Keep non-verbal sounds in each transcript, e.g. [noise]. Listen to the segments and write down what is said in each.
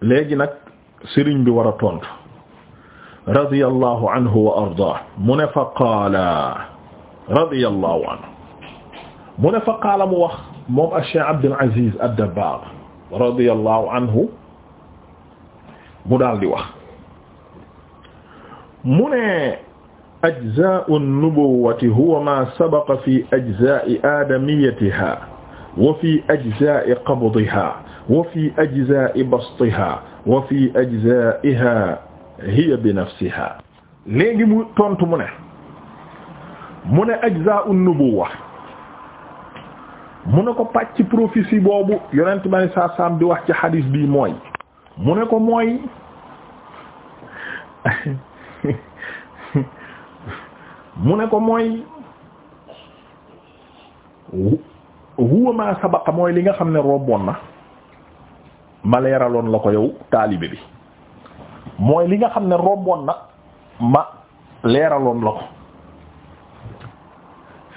léegi nag sëriñ bi war a tontu radiyallahu anhu wa ardaah mu ne fa qaala radiyallahu anhu mu ne fa qaala mu wax moom Cheikh Abdul Aziz ad-Dabbaagh radiyallahu anhu mu daal di wax mu ne ajzaa'u an-nubuwwati huwa maa sabaqa fi ajzaa'i aadamiyatihaa wa fi ajzaa'i qabdihaa wa fi ajzaa'i bastiha wa fi ajzaa'iha hiya bi nafsiha léegi mu tontu mu ne mu ne ajzaa'u nubuwwa mu ne ko pàcc prophétie boobu yonent ma saa saam di wax ci xadiis bii mooy mu ne ko mooy [laughs] mu ne ko mooy huwa ma sabaqa mooy li nga xam ne robboon na ma leeraloon la ko yow taalibe bi mooy li nga xam ne romboon na ma leeraloon la ko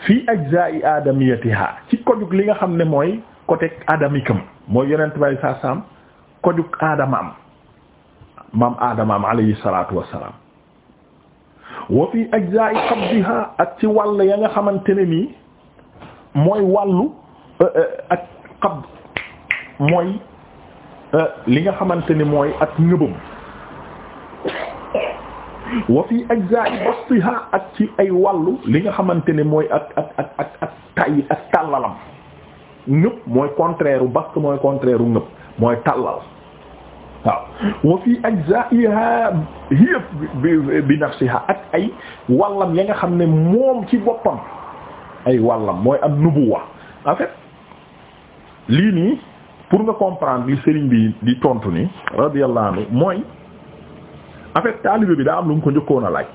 fii ajza'i adamiyatiha ci kojug li nga xam ne mooy côté adamikam mooy yonent bay saa saam kojug aadamaam maam aadamaam alayhi salaatu wassalaam wa fi ajza'i qabdiha ak ci wàll ya nga xamante ne nii mooy wàllu euh, euh, ak qabd mooy Euh, li nga xamante ni mooy ak nëbam wa fi ajza'i bastiha ak ci ay wàllu li nga xamante ne mooy ak ak ak ak ak ak tàllalam ñëpp mooy contraire u mooy contraire u ñëpp mooy tàllal waaw wa fi ajza'iha hiya bi nafsiha ak ay wàllam ya nga xam ne moom ci boppam ay wàllam mooy am nubuwa en fait lii nii pour nga comprendre li sëriñ bi di tontu ni radiyallahu anhu mooy en fait bi daa am lu mu ko njëkkoon a laaj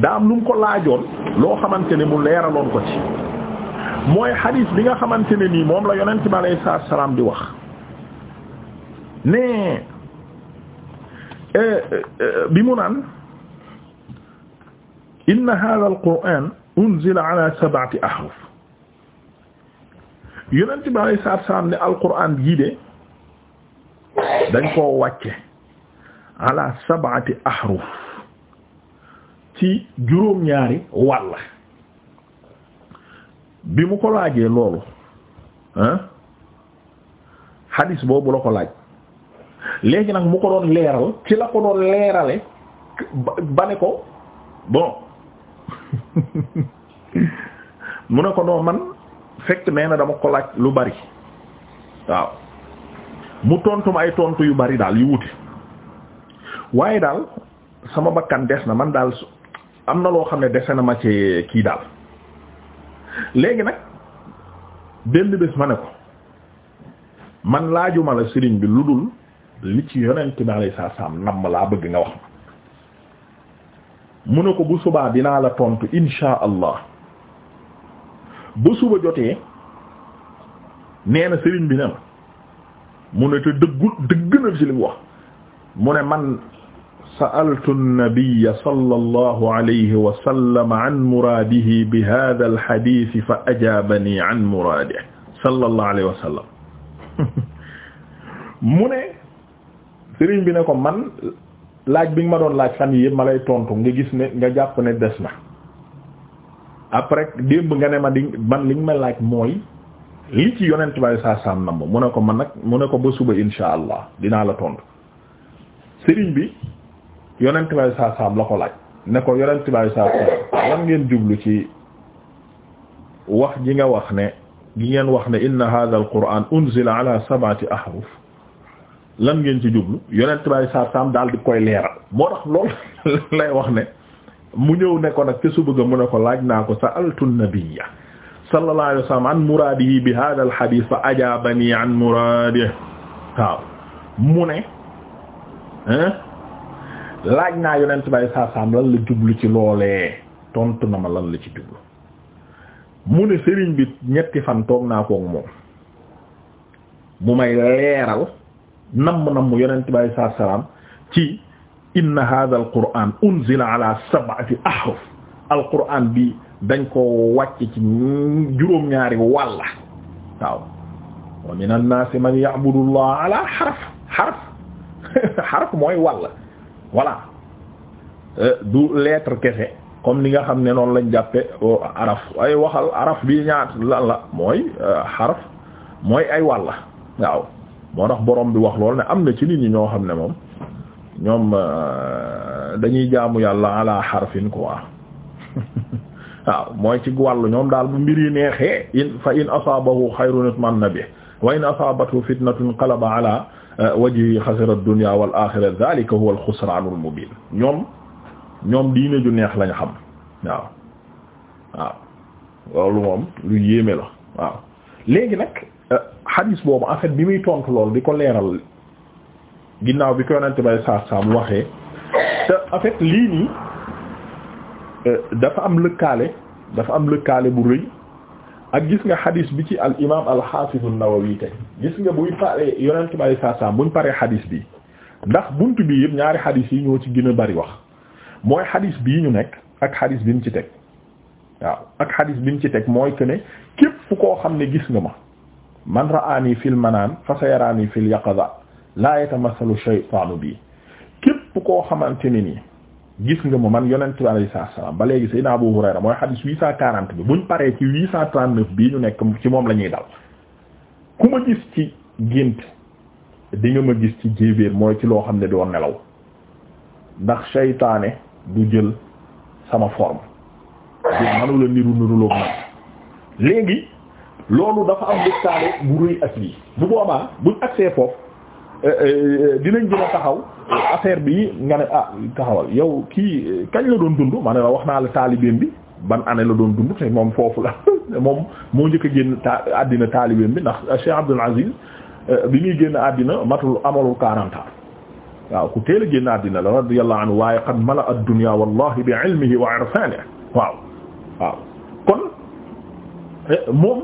daa am lu mu ko laajoon loo xamante ne mu leeraloon ko ci mooy xadiis li nga xamante ne nii moom la yonent bi alayhi salaatu salaam di wax ne eh, eh, eh, bi mu naan inna haadha al-qur'aan ala sab'ati ahruf yonent bi alay saatu salaam ne alquran jii de dañ koo wàcce ala sab'ati ahruf ci juróom-ñaari wàll bi mu ko laajee loolu ah hadis boobu la ko laaj léegi nag mu ko doon leeral ci la ko doon leerale ba ne ko bon [laughs] mu ne ko noo man fekk nee na dama ko laaj lu bari waaw mu tontu ma ay tontu yu bari daal yu wuti waaye daal sama bakkan des na man daal am na loo xam ne dese na ma ci kii daal léegi nag benn bés ma ne ko man laajuma la sëriñ bi lu dul li ci yonent bi alayhi salaam namm laa bëgg nga wax ma mu ne ko bu subaa dinaa la tontu insha allah ba suba jotee nee na sëriñ bi ne ma mu ne te dëggu dëgg na ci wax mu ne man sa'altu an-nabiyya sallallahu alayhi wa sallam an muraadihi bi hadha al-hadith fa wa sallam [laughs] mu ne sëriñ bi ne ko man laaj bi nga ma doon laaj fan yi yëpp ma lay tontu nga gis ne nga jàpp ne des na après démb nga ne ma di man li ma laaj mooy li ci yonent bi saa saam namm mu ne ko man nag mu ne ko ba suba insha allah dinaa la tontu sëriñ bi yonent bi saa saam la ko laaj ne ko yonent bi saa lan ngeen jublu ci wax ji nga wax ne gi ngeen wax ne inna hadha al quran unzila ala sab'ati ahruf lan ngeen ci jublu yonent bi saa daal di koy leeral moo tax loolu [laughs] lay wax ne mu ñëw ne ko nag ca suba ga mu ne ko laaj naa ko sa'altu nabiyya sallallahu alayhi wa sallam fa ajaabani mu ne laaj naa yonent bay saasaam lan la jublu ci loolee tontu na ma lan la ci jublu mu ne sëriñ bi ñetti fan toog naa koog moom mu may leeral namm namm yonent bay saasaam ci inna hadha al quran unzila ala sab'ati ahruf al quran bi dañ koo wàcc ci juróom-ñaari wàlla waaw wa min annaasi man ya'budu allah ala xaraf xaraf xaraf [laughs] mooy wàll voilà euh, du lettre kese comme ni nga xam ne noonu lañ jàppe araf ay waxal araf bi ñaat lan la mooy xaraf euh, mooy ay wàlla waaw moo tax borom bi wax lool ne am na ci nit ñi ñoo xam ne moom ñoom euh, dañuy jaamu yàlla ala xarfin quoi [laughs] waaw mooy ci wàllu ñoom daal bu mbir yi neexee in fa in asaabahu xayrun itmanna bi wa in asaabathu fitnatun qalaba ala euh, wajhi xasira ad-dunya wal axira dhalika huwa al-xusraanul ñoom ñoom diine ju neex lañ xam waaw waaw loolu moom lu yéeme la waaw léegi nag euh, xadiis boobu en bi muy tontu loolu di ko leeral ginnaaw bi ko yonente bay saam waxee te en fait lii nii euh, dafa am lëkkaale dafa am lëkkaale bu rëy ak gis nga xadis bi ci al imaam al xaafizu Nawawi tey gis nga buy pare yonente bay saam buñ paree xadis bi ndax bunt bi yëpp ñaari xadis yi ñoo ci gën a bari wax mooy xadiis bii ñu nekk ak xadis bi mu ci teg waaw ak xadis bi mu ci teg mooy que ne képp fu koo xam ne gis nga ma man ra'aani fil manaan fa sayaraani fil yaqaza laa yatamasalu shaytaanu bii képp koo xamante ne nii gis nga ma man yonent bi alayhi salaam ba léegi Seydina Abu Hurayra mooy xadis 840 bi buñ paree ci 839 bii ñu nekk ci moom la ñuy dal ku ma gis ci gént di nga ma gis ci jéebéer mooy ci loo xam ne doon nelaw ndax seytaane du jël sama forme di manula niru niruloog nag léegi loolu dafa am lëkkaale bu rëy ak bu boobaa buñ agsee foofu dinañ gën a taxaw affaire bi nga ne ah taxawal yow kii kañ la doon dund ma wax naa la taalibeem bi ban année la doon dund te moom foofu la [laughs] moom moo njëkk a génn ta àddina taalibeem bi ndax Cheikh Abdul Aziz euh, bi muy génn àddina matul amalu 40 ans waaw ku teel a génn àddina la radiyallahu anhu waaye qad mala ad-dunya wallahi bi ilmihi wa irfanihi waaw waaw kon eh, moom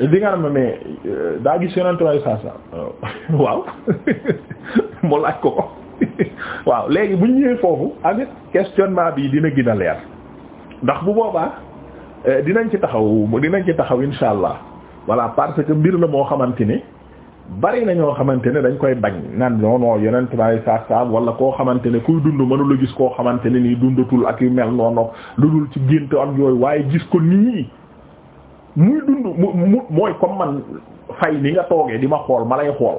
di nga xam ne euh, daa gis yonent waayu saa euh, waaw [laughs] mu laaj ko [laughs] waaw léegi bu ñu ñëwee foofu amit questionnement bi dina gën leer ndax bu boobaa euh, dinañ ci taxaw dinañ ci taxaw insha allah voilà parce que mbir la moo xamante ni bari na ñoo xamante ne dañ koy bañ naan non non yonent waayu saa saa koo xamante ne kuy dund mënula gis koo xamante ne nii dundatul ak yu mel noonu lu dul ci gént ak yooyu waaye gis ko nii. muy dund mu mooy comme man fay ni nga toogee di ma xool ma lay xool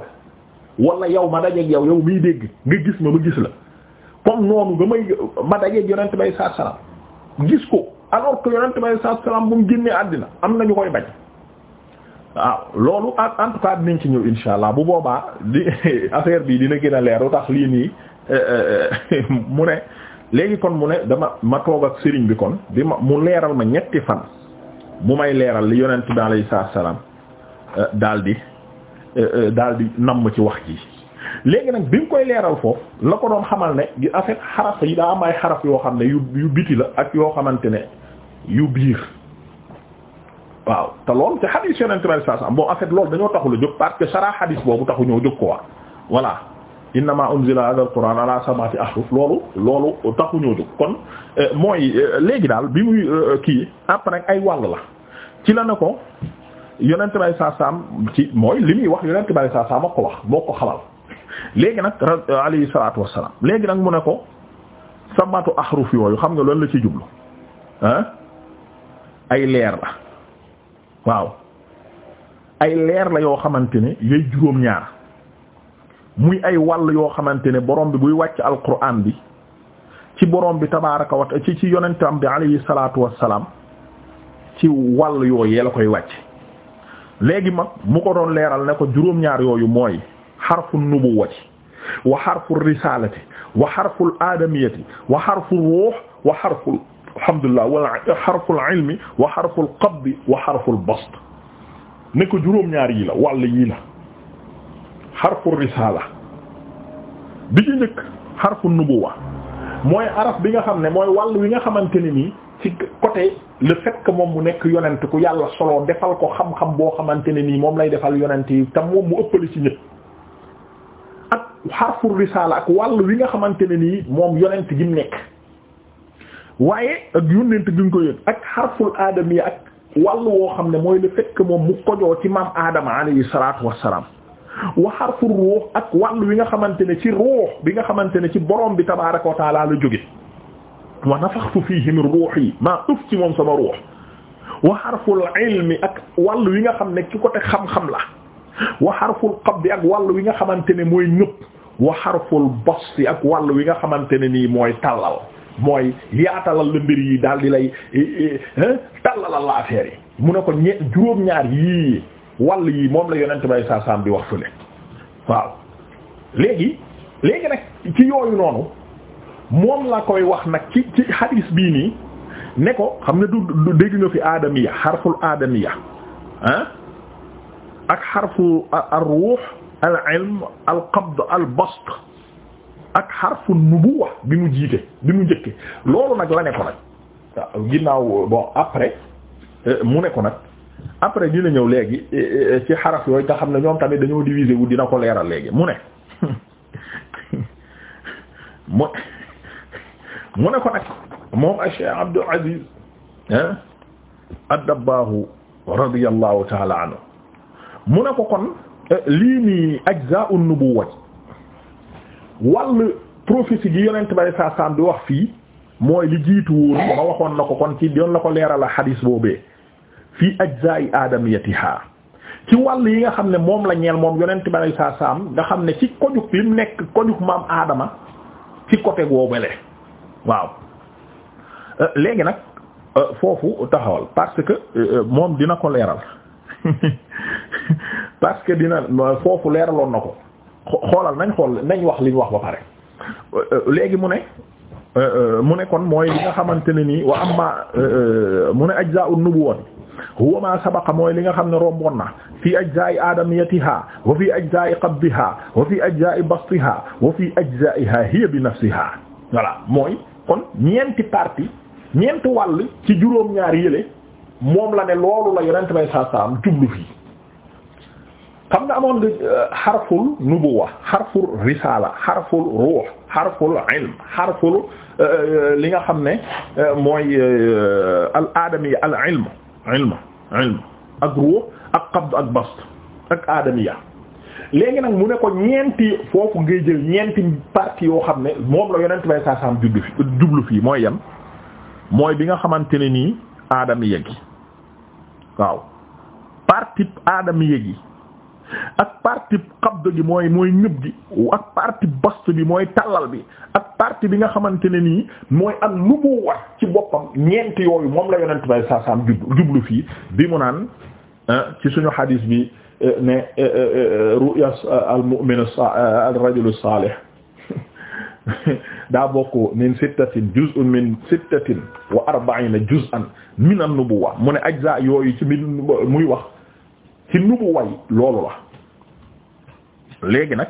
wala yow ma dajeeg yow yow miy dégg nga gis ma ma gis la comme noonu nga may ma dajeeg yonent bay saa salaam gis ko alors que yonent bay saa salaam bu mu génnee àddina am na ñu koy bañ waaw loolu en tout cas dinañ ci ñëw insha allah bu boobaa di [laughs] affaire bi dina gën a leeru tax lii nii eh, eh, eh, [laughs] mu ne léegi kon mu ne dama ma toog ak sëriñ bi kon bi ma mu leeral ma ñetti fan. mu may leeral li yonent bi alayhi salaam euh, daal di euh, euh, daal di namm ci wax ji léegi nag bi mu koy leeral foofu la ko doon xamal ne en fait xaraf yi daa am ay xaraf yoo xam ne yu yu biti la ak yoo xamante ne yu biir waaw te lool ci xadiis yonent bi alayhi salaam bon en fait dañoo taxul a jóg parce que sara xadiis boobu taxu ñoo jóg ko wax voilà innama unzila hadha alquran ala sab'ati ahruf loolu loolu taxuñoo jóg kon mooy léegi daal bi muy kii après ay wàll la ci la ne ko yonent bay saa saam ci mooy li muy wax yonent bay saa saam ko wax moo ko xamal léegi nag alayhi salaatu wassalaam léegi nag mu ne ko sabatu ahruf yooyu xam nga loolu la ci jublu ay leer la waaw ay leer la yoo xamante ne yooyu juróom-ñaar muy ay wàll yoo xamante ne borom bi buy wàcc alquran bi ci borom bi tabaaraka wa ci ci yonentam bi alayhi salaatu wassalaam ci wàll yooyee la koy wàcc léegi mag mu ko doon leeral ne ko juróom-ñaar yooyu mooy xarfu nubuwati wa xarfu risalati wa xarfu aadamiyati wa xarfu ruux wa xarfu alhamdulillah wa xarfu ilmi wa xarfu qabdi wa xarfu yii la xarfu risala bi ci njëkk xarfu nubuwa mooy araf bi nga xam ne mooy wàll wi nga xamante ne nii ci côté le moom mu nekk yonent ku yàlla solo defal ko xam-xam boo xamante ne nii moom lay defal yonent yi tam moom mu ëppale ci ñëpp ak xarfu risaala ak wàll wi nga xamante ne nii moom yonent gi mu nekk waaye ak yonent gi mu ko yónni ak xarful aadam yi ak wàll woo xam ne mooy le fait moom mu kojoo ci maam aadama alayhi salaatu wassalaam wa xarfu ruux ak wàll wi nga xamante ne ci ruux bi nga xamante ne ci borom bi tabaaraka wa taala la jóge wa nafaxtu fiihi min ruuhi maa ëf ci moom sama ruux wa xarful ilmi ak wàll wi nga xam ne ci côté xam-xam la wa xarful qabdi ak wàll wi nga xamante ne mooy ñëpp wa xarful basti ak wàll wi nga xamante ne nii mooy tàllal mooy yaatalal la mbir yi daal di lay eh, eh, eh, tàllalal la affaire yi mu ne ko ñe juróom-ñaar yii wàll yi moom la yonent bay saa saam di wax fële waaw léegi léegi nag ci yooyu noonu moom la koy wax nag ci ci hadis bii nii ne ko xam ne du du dégg nga fi aadamiya xarful aadamiya ah ak xarfu al ruux al ilm al qabd al bast ak xarfu nubuwa bi mu jiite bi mu njëkke loolu nag la ne ko nag ginnaaw bon après euh, mu ne ko nag après dina ñëw léegi euh, euh, ci xaraf yooyu nga xam ne ñoom tamit dañoo diviser wu dina ko leeral léegi mu ne [laughs] mu mu ne ko nag moom Cheikh Abdul Aziz ad-Dabbaahu taala anhu mu ne ko kon eh, lii nii ajzaa'u nubuwwa wàll prophétie gi yonent bay saa saam di wax fii mooy li jiitu woon ma waxoon na ko kon ci doon la ko leeral a xadiis boobee fii ajzaa'i aadamiyatiha ci wàll yi nga xam ne moom la ñeel moom yonent bay saa saam nga xam ne ci kojug li nekk kojug maam aadama ci côté goobele waaw euh, léegi nag euh, foofu taxawal parce que euh, moom dina ko leeral [laughs] parce que dina foofu leeraloon na ko xoolal nañ xool nañ wax liñ wax ba pare léegi mu ne mu ne kon mooy li nga xamante ne nii wa amma mu ne ajza'un nubuwwati woon ma sabaqa mooy li nga xam ne romboon na fi ajza'i adamiyatiha wa fi ajza'i qabdiha wa fi ajza'i bastiha wa fi ajza'iha hiya bi nafsiha voilà mooy kon ñeenti parti ñeenti wàll ci juróom-ñaar yële moom la ne loolu la yonent bay saa saam jublu fii xam nga amoon nga xarful euh, nubuwa xarful risaala xarful ruux xarful ilm xarful euh, li nga xam ne euh, mooy al aadamiya al ilm ilm ilm ak ruux ak bast ak aadamiya léegi nag mu ne ko ñeenti foofu ngay jël ñeenti parti yoo xam ne moom la yonent bay saasaam jublu fi jublu fii mooy yan mooy bi nga xamante ne nii aadami yegi waaw parti yéeg yi ak parti xabd gi mooy mooy ñëb gi ak parti bast bi mooy tallal bi ak parti bi nga xamante ne nii mooy ak nubu wat ci boppam ñeenti yooyu moom la yonent bay saasaam jublu jublu fii bi mu naan eh, ci suñu hadis bi ne euh, euh, euh, ru'ya al-mu'min ar-rajul as-salih [laughs] daa bokk min sittatin juz'un min sittatin wa arba'ina juz'an min an-nubuwwa mu ne ajza yooyu ci mi muy wax ci nubuwwa yi loolu la léegi nag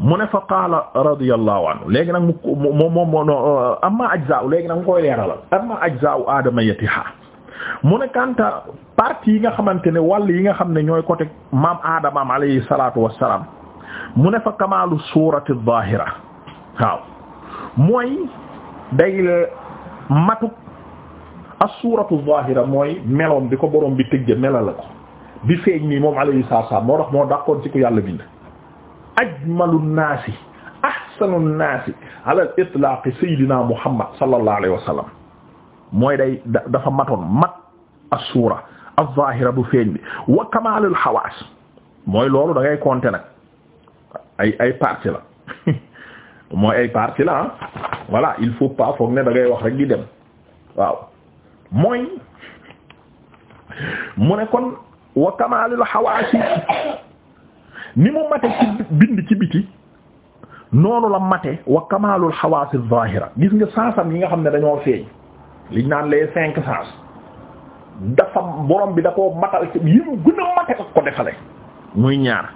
mu ne fa qaala radiyallahu anhu léegi nag mu moom moom amma ajza léegi nag mu koy leeralal amma ajza adamiyatiha mu ne kanta partie yi nga xamante ne wàll yi nga xam ne ñooy côté maam aadamaam alayhi salaatu wassalaam mu ne fa kamaalu suurati zaahira waaw mooy day matuk as-suuratu zaahira mooy meloom bi ko borom bi tëgg mela la ko bi feeñ nii moom alayhi salaatu wassalaam moo tax moo dàqoon ci ku yàlla bind ajmalu naasi ahsanu naasi ala al itlaaqi muhammad sallallahu alayhi wa mooy day dafa matoon mat as-suura az-zaahira bu feeñ bi wa kamaalul xawaas mooy loolu dangay ngay compter nag ay ay la [laughs] mooy ay partie la ah voilà il faut pas foog ne da ngay wax rek di dem waaw mooy mu ne kon wa kamaalul xawaasi ni mu mate ci bind ci biti noonu la mate wa kamaalul xawaasi zaahira gis nga saasam yi nga xam ne dañoo feeñ liñ naan les cinq sens dafa borom bi da koo matal yi mu gën a mate ko defale muy ñaar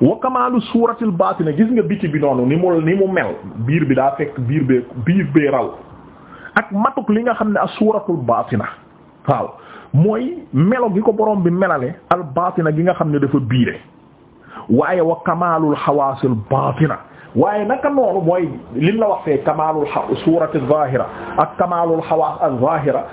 wa kamaalu suuratil baatina gis nga biti bi noonu ni mu ni mel biir bi daa fekk biir bee biir bee raw ak matuk li nga xam ne ak suuratul baatina waaw mooy melo gi ko borom bi melale al baatina gi nga xam ne dafa biire waaye wa xawaasil baatina waaye naka noonu mooy lim la wax fee kamaalul suurati zahira ak kamaalul xawaas al zahira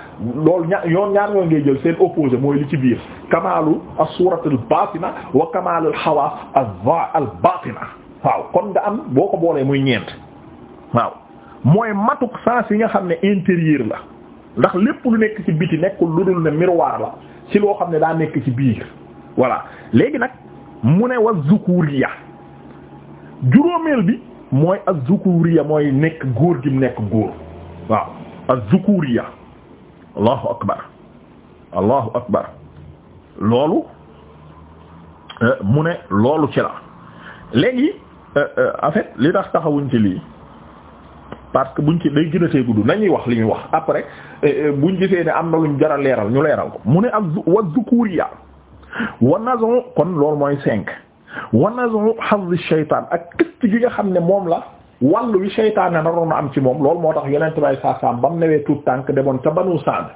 loolu ña yoon ñaar ñoo jël seen opposé mooy li ci biir kamaalu as suurati al baatina wa kamaalul xawaas al va al baatina waaw kon nga am boo ko boolee muy ñeent waaw mooy matuk sens yi nga xam ne intérieur la ndax lépp lu nekk ci biti nekkul lu dul ne miroir la ci loo xam ne daa nekk ci biir voilà léegi nag mu ne wa zukuriya juróomeel bi mooy az-zukuriya mooy nekk góor gi mu nekk góor waaw az allahu akbar allahu akbar loolu euh, mu ne loolu ci la léegi euh, euh, en fait li tax taxawuñ ci lii parce que buñ ci day gën a nañuy wax li ñuy wax après buñ gisee ne am na luñ jara leeral ñu leeral ko mu ne ak wa zukuriya wa nazon kon loolu mooy cinq wa nazu hazz shaytaan ak këst gi nga xam ne moom la wàllu wi shaytaan ne naroon na am ci moom lool moo tax yeneen bay saa saam ba mu newee tuut tànk demoon ca banu Saad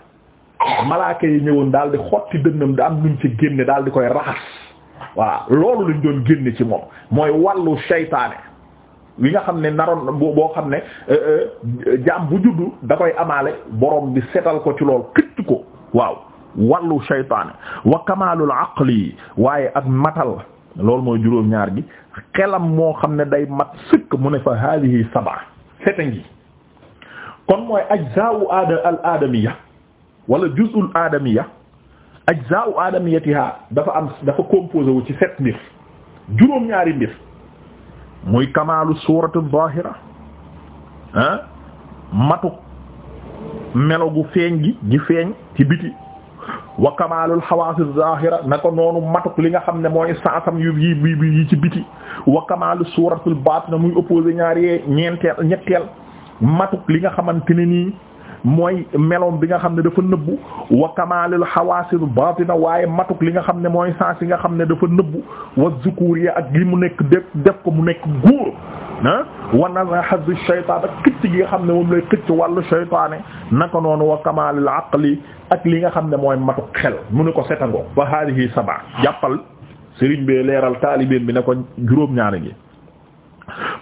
malaaka yi ñëwoon daal di xotti dënnam da am luñ ci génne daal di koy raxas voilà loolu lañ doon génne ci moom mooy wàllu shaytaane wi nga xam ne naroon boo xam ne euh, euh, jaam bu juddu da koy amaale boroom bi setal ko ci lool këtt ko waaw wàllu shaytaane wa kamalul aqli waaye ak matal loolu mooy juróom-ñaar gi xelam moo xam ne day mat sëkk mu ne fa hadihi sab'a seta ngi kon mooy ajza'u aada al aadamiya wala juz'ul aadamiya ajza'u aadamiyatiha dafa am dafa composé wu ci set mbir juróom-ñaari mbir muy kamaalu suuratu zaahira ah matuk melo gu feeñ gi gi feeñ ci biti wa kamaalul xawaasi zaahira na ko noonu matuk li nga xam ne mooy saasam yu yi yi ci biti wa kamaalu suuratul na muy opposé ñaar yee ñetteel matuk li nga xamante ne nii mooy meloom bi nga xam ne dafa nëbbu wa kamaalul xawaasil na waaye matuk li nga xam ne mooy saas yi nga xam ne dafa nëbbu wa zukuur ya ak li mu nekk def def ko mu nekk góor ah wanaza hazu shaytaan ak gi xam ne moom lay xëcc wàllu shaytaane naka noonu wa kamaalil aqli ak li nga xam ne mooy matu xel mu ne ko setangoo wa hadihi sab'a jàppal sëriñ bi leeral taalibeen bi ne ko juróom ñaari gi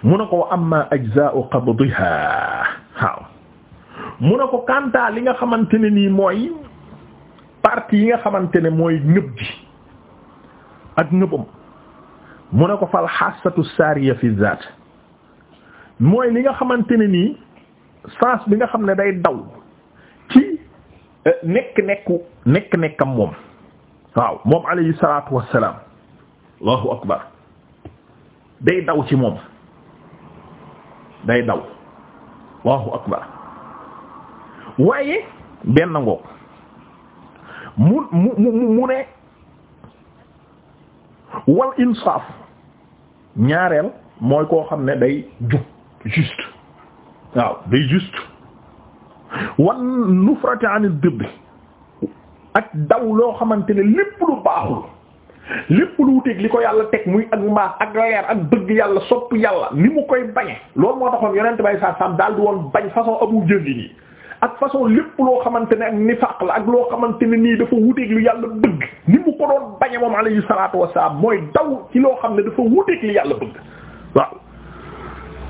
mu ne ko wa amma ajza'u qabdiha mu ne ko kanta li nga xamante ne nii mooy partie yi nga xamante ne mooy ñëb ji ak ñëbam mu ne ko fa hassatu sariya fi zaat mooy li nga xamante ne nii sens bi nga xam ne day daw ci euh, nekk-nekku nekk-nekkam moom waaw moom alayhi salaatu wassalaam allahu akbar day daw ci moom day daw allahu akbar waaye benn ngoog mu mu mu mu ne wal insaaf ñaareel mooy koo xam ne day jub juste waaw day juste wan nufrati anil dëbb ak daw loo xamante ne lépp lu baaxul lépp lu wuteeg li ko yàlla teg muy ak mbaax ak leer ak bëgg yàlla sopp yàlla ni mu koy bañe loolu moo taxoon yonent bay sa saam daal di woon bañ façon abu jëndi nii ak façon lépp loo xamante ne ak nifaq la ak loo xamante ne nii dafa wuteeg li yàlla bëgg ni mu ko doon bañe moom alayhi salaatu wassalaam mooy daw ci loo xam ne dafa wuteeg li yàlla bëgg waaw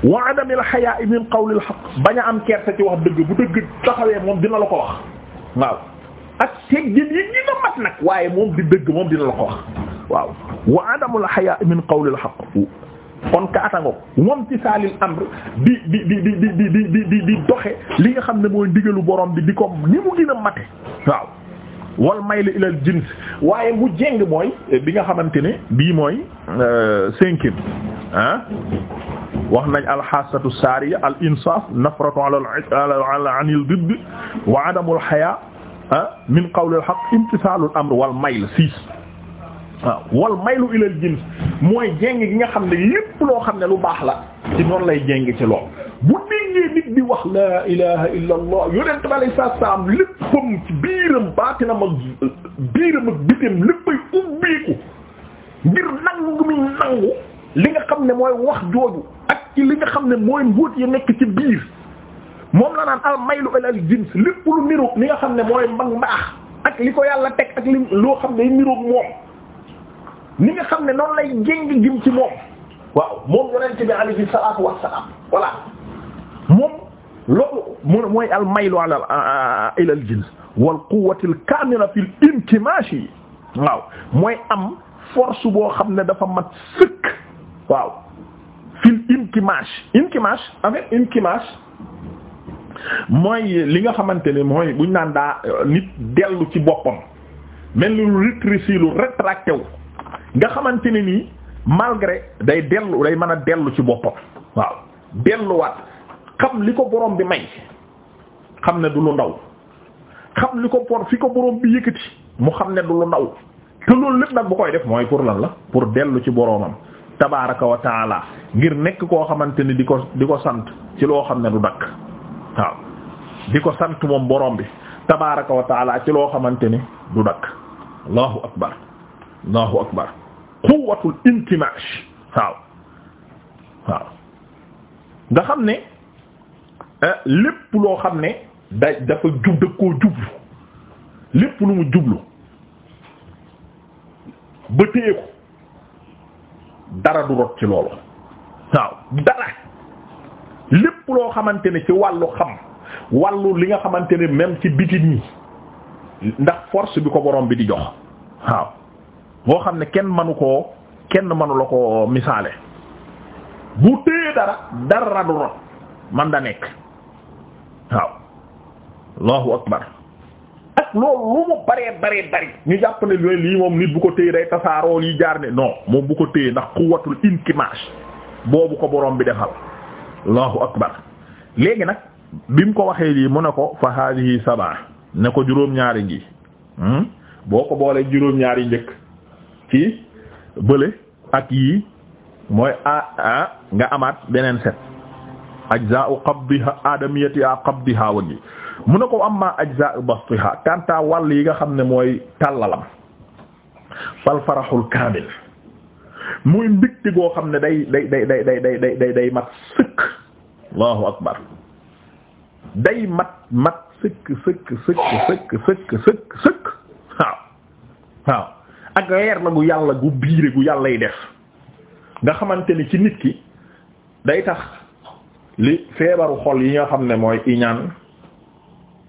wa adam al hayaa min qawl al haqq bañ a am kersa ci wax dëgg bu dëgg taxawee moom dina la ko wax waaw ak teggin yi ñi na mat waaye moom di dëgg moom dina la ko wax waaw wa adam al hayaa min qawl al haqq kon ka atango moom ci di di di di di di doxe li nga xam ne mooy ndigalu borom bi di ko ni mu gën a waaw wal mayl ilal jins waaye mu jéng mooy bi nga xamante ne bii mooy euh, cinquième ah wax nañ alxasatu saariya al insaf nafratu ala anil didd wa adamul haya min qawlil haqq imtisalul amr wal mayl six waaw wal maylu ilal jins mooy jéng gi nga xam ne lépp loo xam ne lu baax la ci noonu lay jéng ci lool bu déggee nit di wax laa ilaha illa allah yonent bi alay saa saam léppam ci biiram baatinam ak biiram ak bitim léppay ubbeeku ngir nangu mi nangu li nga xam ne mooy wax jooju ak ci li nga xam ne mooy mbóot yi nekk ci biir moom la naan al maylu ilal jins lépp lu niru li nga xam ne mooy mbag mbaax ak li ko yàlla teg ak li loo xam ne niroog moom ni nga xam ne noonu lay jéng jëm ci moom waaw moom yonent bi alayhi salaatu wassalaam voilà moom loolu mu mooy al maylu ala ila al jins wal quwwati al fi l intimashi waaw mooy am force boo xam ne dafa mat sëkk waaw fil inkimash inkimash avec inkimash mooy li nga xamante ne mooy buñ naan daa euh, nit dellu ci boppam mel ni lu rétréci lu rétracté nga xamante ne nii malgré day dellu day mën a dellu ci boppam waaw delluwaat xam li ko boroom bi may xam ne du lu ndaw xam li ko por borom bi yëkkati mu xam ne du lu ndaw te loolu lépp nag bu koy def mooy pour lan la pour dellu ci boroomam tabaaraka wa ngir nekk koo xamante ni di ko di ko sant ci loo xam ne du dakk waaw di ko sant moom boroom bi tabaaraka wa ci loo xamante ni du dakk allahu akbar allahu akbar quwwatul intimash waaw waaw nga xam ne Ah, lépp loo xam ne da dafa jub da koo jublu lépp lu mu jublu ba téye ko dara du rot ci loolu waaw dara lépp loo xamante ne ci wàllu xam wàllu li nga xamante ne même ci bitit ñi ndax force bi ko borom bi di jox waaw boo xam ne kenn manu koo kenn manu la ko misaale bu téye dara dara du rot man da nekk waaw allahu akbar ak loolu lu mu baree baree bari ñu jàpp ne looy lii moom nit bu ko téye day tasaaroo lii jaar ne non moom bu ko téye ndax quwwatul inkimash boobu ko boroom bi defal allahu akbar léegi nag bi mu ko waxee lii mu ne ko fa hadihi sabaa ne ko juróom-ñaari ngi hmm? boo ko boolee juróom-ñaari njëkk ci bële ak yii mooy a a nga amaat beneen set ajza'u qabdiha adamiyatiha qabdiha wa gi mu ne ko amma ajza'u bastiha kanta wàll yi nga xam ne mooy tàllalam fal farahul kaamil muy mbigte goo xam ne day day day day day day day day mat sëkk sëkk sëkk sëkk sëkk sëkk sëkk sëkk ak leer la gu yàlla gu biire gu yàllay def nga xamante ni ci nit ki day tax li feebaru xol yi nga xam ne mooy iñaan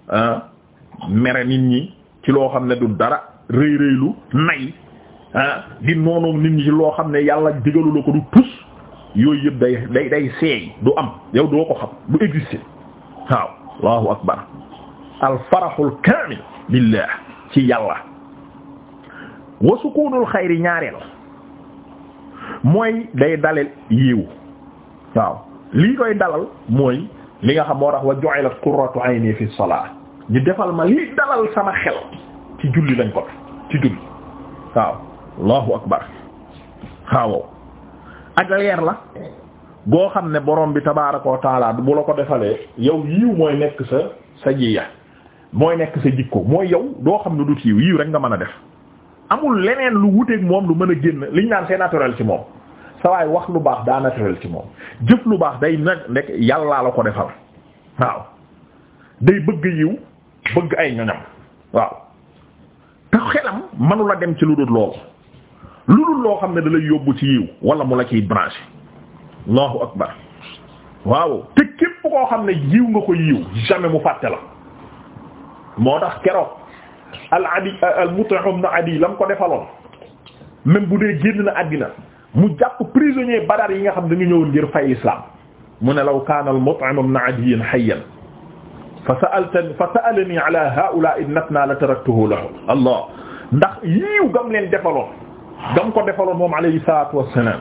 ah mere nit ñi ci loo xam ne du dara rëy rëylu nay ah di noonoom nit ñi ci loo xam ne yàlla digalu la ko du tus yooyu yëpp day day seey du am yow doo ko xam du exister waaw allahu akbar al faraxul kaamil billah ci yàlla wa sukunul ñaareel mooy day daleel yiw waaw lii koy dalal mooy li nga xam moo tax wa ju'ilat qurratu ayni fi salat ñu defal ma lii dalal sama xel ci julli lañ ko ci julli waaw allahu akbar waaw ak la goo xam ne borom bi tabaaraka wa taala bu la ko defalee yow yiw mooy nekk sa sa jiya mooy nekk sa jikko mooy yow doo xam ne du tiiw yiw rek nga mën a def amul leneen lu wuteeg moom lu mën a génn liñ naan c'est naturel ci moom sawaay wax lu baax daa naturel ci moom jëf lu baax day nag nekk yàllaa la ko defal waaw day bëgg yiw bëgg ay ñoñam waaw te xelam manula dem ci lu dul loolu lu dul loo xam ne dalay yóbbu ci yiw wala mu la ciy branché allahu akbar waaw te képp koo xam ne yiw nga ko yiw jamais mu fàtte la moo tax keroog al adi al Mut'im na adi lam ko defaloon même bu dee génn na àddina mu jàpp prisonnier badar yi nga xam dañu ñëwoon ngir fay islam mu ne law kaana al-Mut'im ibn Adiy hayyan fa sa'altani fa sa'alani ala haa'ulaa'i natnaa la taraktuhu lahu allah ndax yiiw gam leen defaloon gam ko defaloon moom alayhi salaatu wassalaam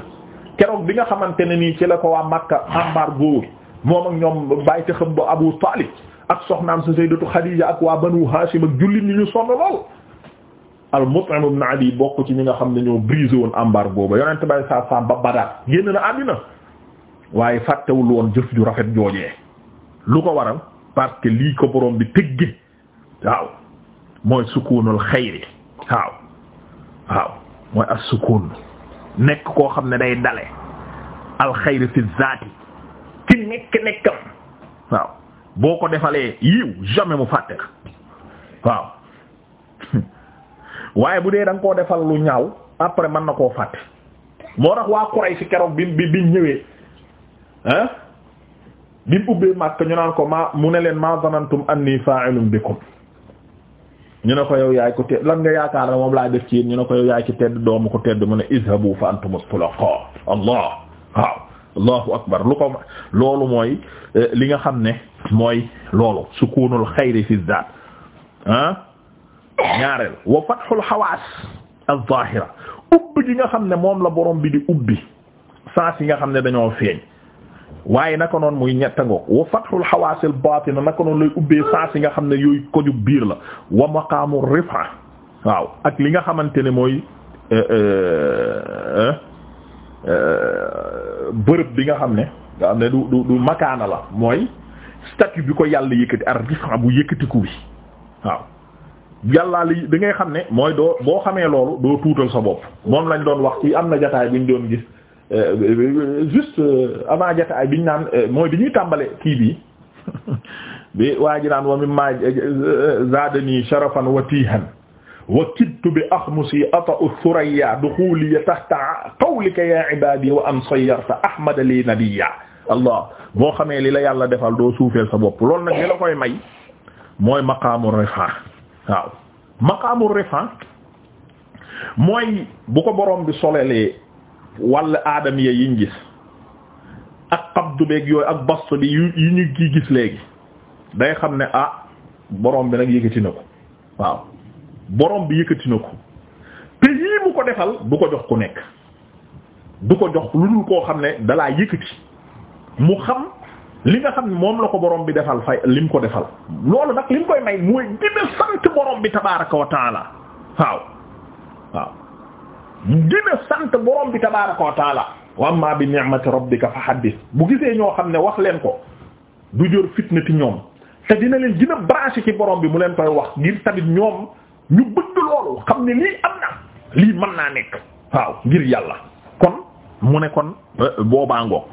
keroog bi nga xamante ne ni ci la ko waa Makka embargo moom ak ñoom bàyyi xam ba Abu Taalib ak soxnaam sa Sayyidatu Xadiija ak waa Banu Haashim ak jullit ñi ñu sonn al Mut'im ibn Adi bokk ci ñi nga xam ne ñoo brisé woon embargo ba yonent bay saa saam ba Badar génn na àddina waaye fàttewul woon jëf ju rafet joojee lu ko waral parce que lii ko borom bi tëgge waaw mooy sukuunul xayri nekk koo xam ne day dale al xayri fi zaati ci nekk nekkam waaw boo ko defalee yiw jamais mu fàtte la waaw waaye bu dee da nga koo defal lu ñaaw après man na koo fàtte moo tax waa Quraysh keroog bi bi bi ñëwee ah bi mu ubbee Makka ñu naan ko ma mu ne leen maa zanantum anni fa'ilun bikum ñu ne ko yow yaay ko tedd lan nga yaakaar na moom laa def ci yéen ñu ne ko yow yaay ci tedd doomu ko tedd mu ne izhabu fa antumus tulaqa allah waaw allahu akbar lu ko loolu mooy eh, li nga xam ne mooy loolu sukunul xayri fi zaat ah ñaareel wa fatxul xawaas az-zaahira ubbi gi nga xam ne moom la borom bi di ubbi sens yi nga xam ne dañoo feeñ waaye naka noonu muy ñett ngoog wa fatxul xawaas al-baatina naka noonu lay ubbee sens yi nga xam ne yooyu koju biir la wa maqaamu rifa waaw ak li nga xamante ne mooy eh, eh, eh, bërëb bi nga xam ne nga xam ne du du makaana la mooy statut bi ko yàlla yëkkati ar rifa bu yëkkatiku bi waaw yàllaa li ngay xam ne mooy doo boo xamee loolu doo tuutal sa bopp moom lañ doon wax ci am na jataay bi ñu doon gis euh, juste euh, avant jataay bi ñu naan euh, mooy di ñuy tàmbale kii bii [laughs] bi waa ji naan wa mimma zaadani sharafan wa tiihan wa kidtu bi axmusi ata'u thuraya duxuliya tahta qawlika ya ibadi wa an sayyarta ahmada li allah boo xamee li la yàlla defal doo suufeel sa bopp loolu nag li la koy may mooy maqaamu rifaa waaw maqaamul rifan mooy bu ko borom bi solelee walla aadam ya yiñ gis ak qabdu beeg yooyu ak bastu bi yu yu ñu kii gis léegi day xam ne ah borom bi nag yëkkati ko waaw borom bi yëkkati ko te yii mu ko defal du ko jox ku nekk du ko jox lu dul koo xam ne dalaa yëkkati mu xam li nga xam ne moom la ko boroom bi defal fay lim ko defal loolu nag lim koy may mooy gën sant borom bi tabaaraka wa taala waaw waaw gën a sant borom bi tabaaraka wa taala wa bi ni'mati rabbika fa haddith bu gisee ñoo xam ne wax leen ko du jor fitna ñoom te dina leen gën a ci boroom bi mu leen koy wax ngir tamit ñoom ñu bëgg loolu xam ne lii am na lii mën naa nekk waaw ngir yàlla kon mu ne kon euh, boobaa ngoog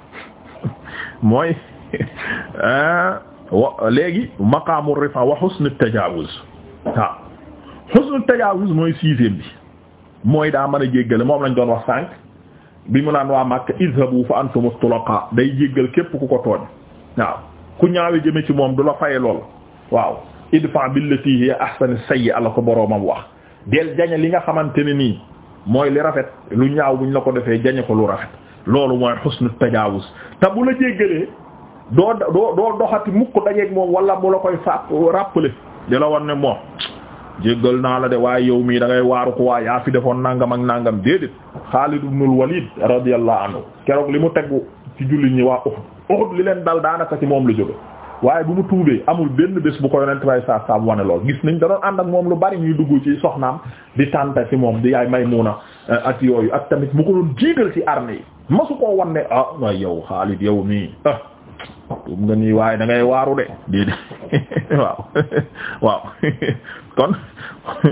[laughs] [laughs] Ah, wa léegi maqaamu rifa wa husnu tajaawuz waaw husnu tajaawuz mooy sixième bi mooy daa mën a jéggale moom lañ doon wax sànq bi mu naan waa Makka izhabu fa antumu tulaqa day jéggal képp ku ko tooñ waaw ku ñaawe jëme ci moom du la faye lool waaw idfa billati hiya ahsanu sayyi'a la ko boroomam wax del jañe li nga xamante ne nii mooy li rafet lu ñaaw buñ la ko defee jañe ko lu rafet loolu mooy husnu tajaawuz te bu la jéggalee doo doo doo doxati mukk dajeeg moom wala mu la koy fàpp rappeler di la wan ne moom jéggal naa la de waaye yow mii da ngay waaru ko waa yaa fi defoon nangam ak nangam déedéet Xaalid ibnul Walid radiyallahu anhu keroog li mu teggu ci julli ñi waa Uhud Uhud li leen dal daanaka ci moom lu jóge waaye bu mu tuubee amul benn bés bu ko yonent bay saa saam wane lool gis nañ da doon ànd ak moom lu bari ñuy dugg ci soxnaam di tànta ci moom di yaay Maymuna eh, ak yooyu ak tamit mu ko doon jiital ci armée yi ne ah waaye yow Xaalid yow mii ah, tuub nga nii waaye dangay ngay waaru de déedéet [laughs] waaw waaw [laughs] kon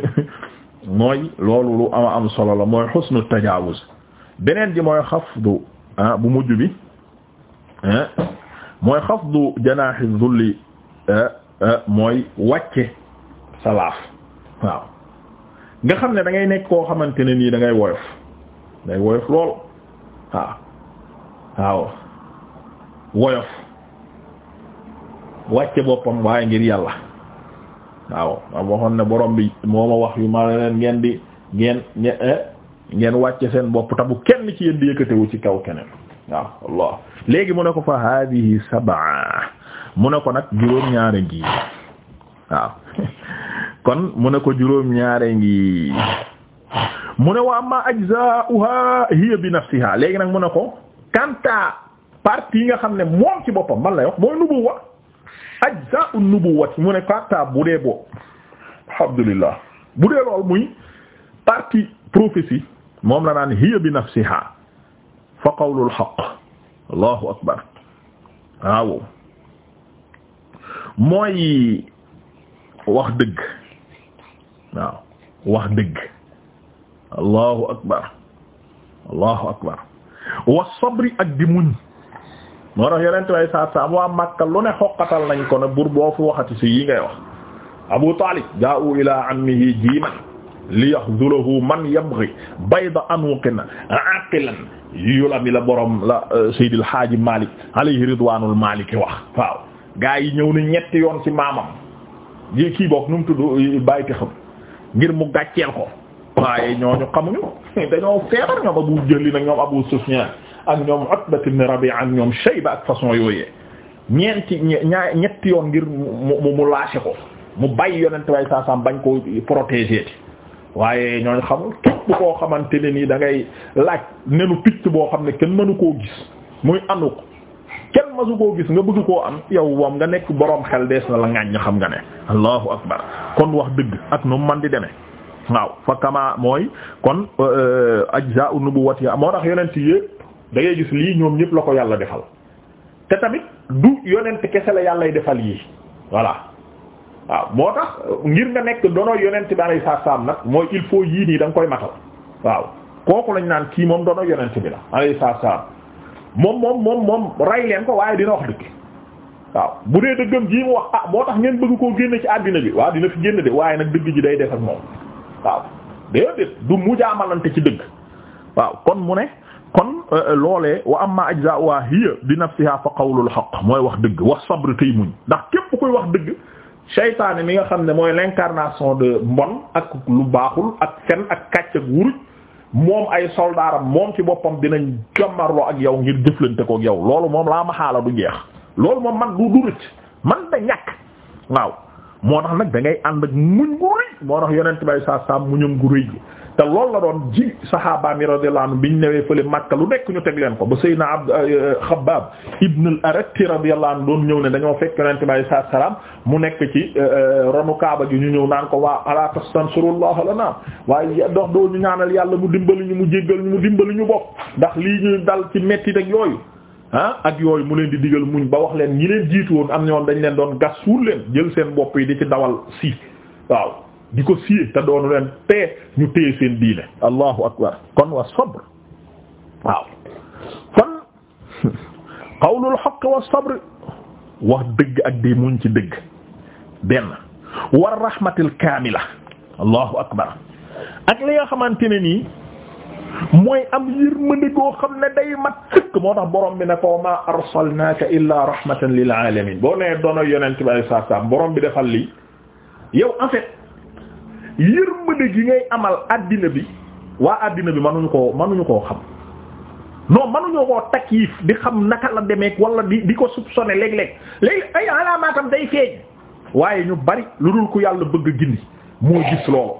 [laughs] mooy loolu lu ama am solo la mooy xusnu tajaawuz beneen ji mooy xafdu ah bu mujj bi ah, mooy xafdu janaaxi zulli ah, ah, mooy wàcce sa laaf waaw nga xam ne dangay nekk koo xamante ne nii da ngay woyof day woyof lool waaw waaw woyof wàcce boppam waaye ngir yàlla waaw am waxoon ne borom bi moo ma wax yu ma leen ngeen di ngeen eh, ngeen wàcce seen bopp tabu kenn ci yéen di yëkkatewu ci kaw keneen waaw léegi mu ne ko fa hadihi sab'a mu ne ko nag juróom-ñaare ngi waaw [laughs] kon mu ne ko juróom-ñaare ngi mu ne wa amma ajza'uha hiya bi nafsiha léegi nag mu ne ko kanta partie yi nga xam ne moom ci boppam man lay wax mooy nubuwa ajza'u nubuwati mu ne kàttaa bu dee alhamdulillah bu dee lool muy partie moom la naan hiya bi nafsiha fa qawlul haqq allahu akbar waaw mooy wax dëgg waaw wax dëgg allahu akbar allahu akbar wa sabri ak di muñ moo tax yeneen way saat saam waa Makka lu ne xoqatal nañ ko ne bur boo fi waxati si yi ngay wax Abu Talib jaa'u ila ammihi jiiman li yaxdulahu man yabghi bayda anuqin aqilan yula mi la borom la euh, Seydil Haaji Malik alayhi ridwanul maliki wax waaw gaa yi ñëw na ñetti yoon si maamam ji kii bokk nu mu tudd bàyyiti ngir mu gàcceel ko waaye ñooñu xamuñu [laughs] dañoo feebar ñoom Abu Jahli nag ñoom Abu Sufyan ak ñoom Utba ibn Rabi'a ak ñoom Shayba ak façon yooyee ñeenti ñaa ñetti yoon ngir mu mu lâché ko mu bàyyi yonent way saasam bañ koo protéger waaye ñooñ xamul xamante ne nii da ngay laaj nenu picc boo xam ne kenn mënu ko gis muy anu ko kenn masu koo gis nga bëgg koo am yow wam nga nekk boroom xel dees na la ŋàññ xam nga ne allahu akbar kon wax dëgg ak nu man di demee waaw fa kama mooy kon euh, euh, ajza'u nubuwati moo tax yonent yi da ngay gis lii ñoom ñëpp la ko yàlla defal te tamit du yonent kese la yàllay defal yii voilà waaw moo tax ngir nga nekk dono yonent bi alayhi salaam nag mooy il faut yii nii da koy matal waaw kooku lañ naan kii moom dono yonent bi la alayhi salaam moom moom moom moom rey leen ko waaye dina wax dëgg waaw bu dee dëggam jii mu wax ah moo tax ngeen bëgg koo génn ci àddina bi waaw dina fi génn de waaye nag dëgg ji day def ak moom waaw déedéet du ci dëgg kon euh, euh, loolee wa amma ajza'uha hiya bi nafsiha fa qawlul haqq mooy wax dëgg wax sabr tey muñ ndax képp kuy wax dëgg seytaane mi nga xam ne mooy l'incarnation de mbon ak lu baaxul ak fen ak kàcc ak wuruj moom ay soldaaram moom ci boppam dinañ jàmmarloo ak yow ngir jëflante ko ak yow loolu moom laa ma xaala du jeex loolu moom man du durut man da ñàkk waaw moo tax nag dangay ngay ànd ak muñ gu rëy moo tax yonent bay saa saa muñam gu rëy gi te loolu la doon ji sahaaba mi radiyallahu anhu biñ newee fële Makka lu nekk ñu teg leen ko ba Seydina Abd euh, euh, Xabbaab ibn al-Aratti radiyallahu anhu doon ñëw ne dañoo fekk Yonent bi sallallahu alayhi wasallam mu nekk ci euh, ronu Kaaba gi ñu ñëw naan ko waa alaa tastansurullaha lana waaye dox doo ñu ñaanal yàlla mu dimbali ñu mu jéggal ñu mu dimbali ñu bopp ndax lii ñuy dal ci metti ak yooyu ah ak yooyu mu leen di digal muñ ba wax leen ñi leen jiitu woon am ñoom dañ leen doon gas suul leen jël seen bopp yi di ci dawal si waaw di ko siyee te doonu leen tee ñu téye seen diine allahu kon wa sabr waaw kon qawlul wa sabr wax dëgg ak di muñ ci dëgg benn war rahmatil kaamila allahu akbar ak li nga xamante ni nii mooy am yërmande goo xam ne day ma sëkk moo tax borom bi ne ko ma arsalnaaka illaa rahmatan lil boo nee doono yonent bi sallallahu alayhi borom bi defal lii yow en yërmande gi ngay amal addina bi waa àddina bi ko koo mënuñu koo xam non mënuñoo koo takyif di xam naka la demeek wala di di ko soupçonner léeg-léeg léegi ay alaamaatam day feeñ waaye ñu bari lu dul ku yàlla bëgg gindi moo gis loolu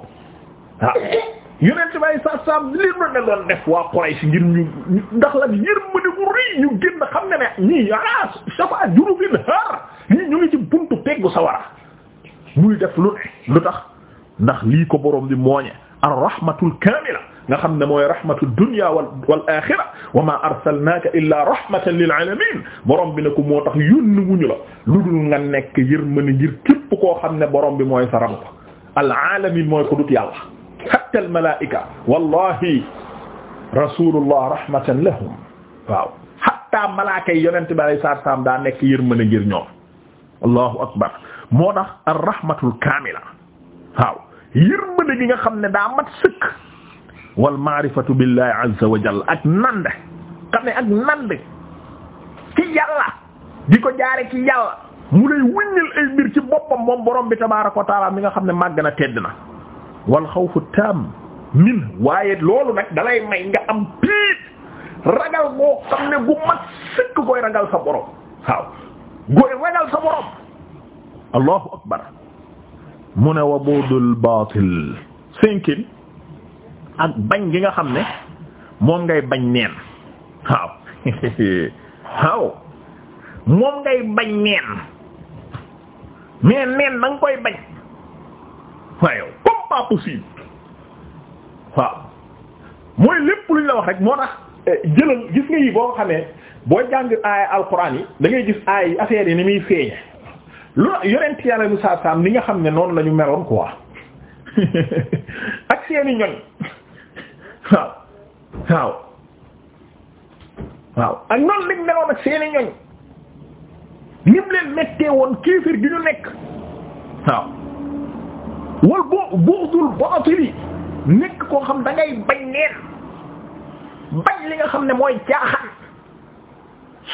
ah yonent bay sa sam li ma ne doon def waa Quraysh ngir ñu ndax la yërmande bu rëy ñu génn xam ne ne ñii ala safa jurubin har ñii ñu ngi ci buntu peggu sawara muy def lu ne lu tax ndax lii ko borom bi mooñe ar rahmatul nga xam ne mooy rahmatud dunya wal wal ma arsalnaaka illaa rahmatan lil borom bi ne moo tax yónni wuñu la lu dul nga nekk yërmande ngir képp koo xam ne borom bi mooy sa rabu al alamin mooy ko dut lahum waaw daa nekk yërmande ngir ñoom allahu akbar moo tax ar rahmatul waaw yërmande gi nga xam ne daa mat sëkk wal maarifatu billahi ak nand xam ne ak nand ci yàlla di ko jaare ci yàlla mu lay wëññal ay mbir ci boppam moom borom bi tabaaraka wa nga xam ne màgg na tedd na wal xawfu taam min waaye loolu nag dalay may nga am piit ragal boo xam ne gu mat sëkk koy ragal sa borom waaw gooy ragal sa borom allahu akbar mu ne wa buudul baatil sinkin ak bañ gi nga xam ne moom ngay bañ neen waaw [laughs] waaw moom ngay bañ neen mais neen da koy bañ waayow comme pas possible waaw mooy lépp luñ la wax rek moo tax eh, jëlal gis nga yi boo xamee boo jàng aaya alquran yi da ngay gis aaya yi affaire yi ni muy feeñe loo yonent yàlla bu saa saam li nga xam ne noonu la ñu meloon quoi ak seeni ñoñ waaw waaw waaw ak noonu lañ meloon ak seeni ñoñ nim leen mettee woon kéefir gi ñu nekk waaw wal boo bu'dul baatili nekk koo xam dangay ngay bañ leen bañ li nga xam ne mooy caaxaan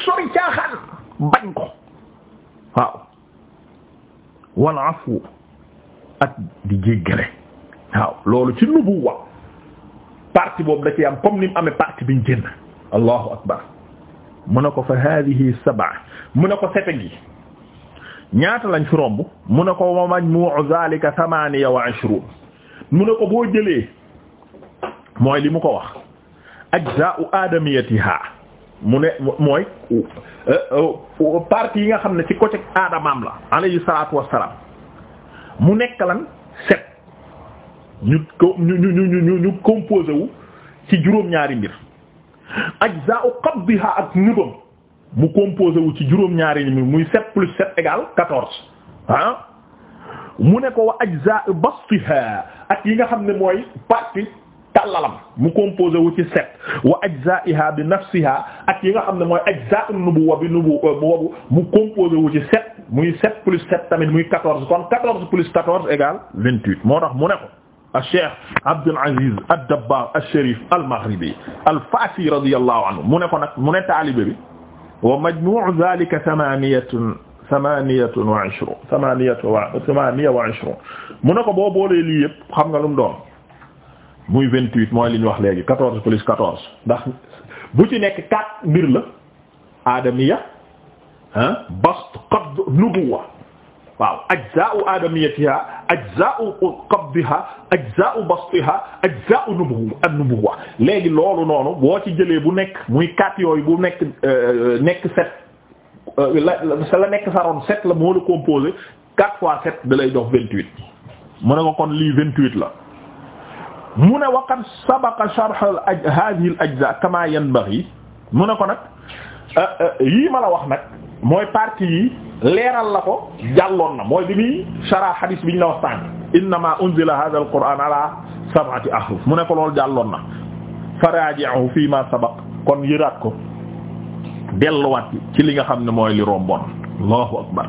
sori caaxaan bañ ko wal afu ak di jéggale waaw loolu ci nubuwa partie boobu da ci am comme ni mu amee partie biñ génn allahu akbar mu ne ko fa hadihi sab'a mu ne ko sete gi ñaata lañ fi romb mu ne ko wa majmu'u zalika thamaniya mu ne ko boo jëlee mooy li mu ko wax ajza'u adamiyatiha mu ne mooy euh, euh, partie yi nga xam ne ci côté aadamaam la alayhi salaatu wassalaam mu nekk lan set ñu ko ñu ñu ñu ñu ñu composé wu ci juróom-ñaari mbir ajza'u qabdiha ak nubam mu composé wu ci juróom-ñaari mbir muy set plus sept égale quatorze ah mu ne ko wa ajza'u bastiha ak yi nga xam ne mooy partie tàllalam mu composé wu ci set wa ajzaiha bi nafsiha ak yi nga xam ne mooy ajza'un nubuwa bi nubuwa euh, boobu mu composé wu ci set muy sept plus sept tamit muy quatorze kon quatorze plus quatorze égale vingt-huit moo tax mu ne ko Cheikh Abdul Aziz ad-Dabbar ash-Sharif al-Maghribi al-Fasi radiyallahu anhu mu ne ko nag mu ne taalibe bi wa majmu'u dhalika thamaniyatun thamaniyatun wa ishrun thamaniya wa ishrun mu ne ko boo boolee lii yëpp xam nga lu mu doon muy vingt-huit mooy li ñu wax léegi quatorze plus quatorze ndax bu ci nekk quatre mbir la aadamiya ah bast qabd nubuwa waaw ajza'u adamiyatiha ajza'u qabdiha ajza'u bastiha ajza'u nubuwa an nubuwa léegi loolu noonu boo ci jëlee bu nekk muy quatre yooyu bu nekk euh, nekk sept euh, la sa la nekk sa ron la moo la composé quatre fois sept da lay dox vingt-huit mu ne ko kon lii vingt-huit la mu ne waqad sabaqa sharh al aj hadhihi al ajza kama yanbaghi mu ne ko nag euh, euh, yii ma la wax nag mooy partie yi leeral la ko jàlloon na mooy bi muy shara hadith bi ñu la wax tànk innama unzila hadha al qur'an ala sab'ati ahruf mu ne ko loolu jàlloon na faraaji'uhu fii ma sabaq kon yëraat ko delluwaat ci li nga xam ne mooy li romboon allahu akbar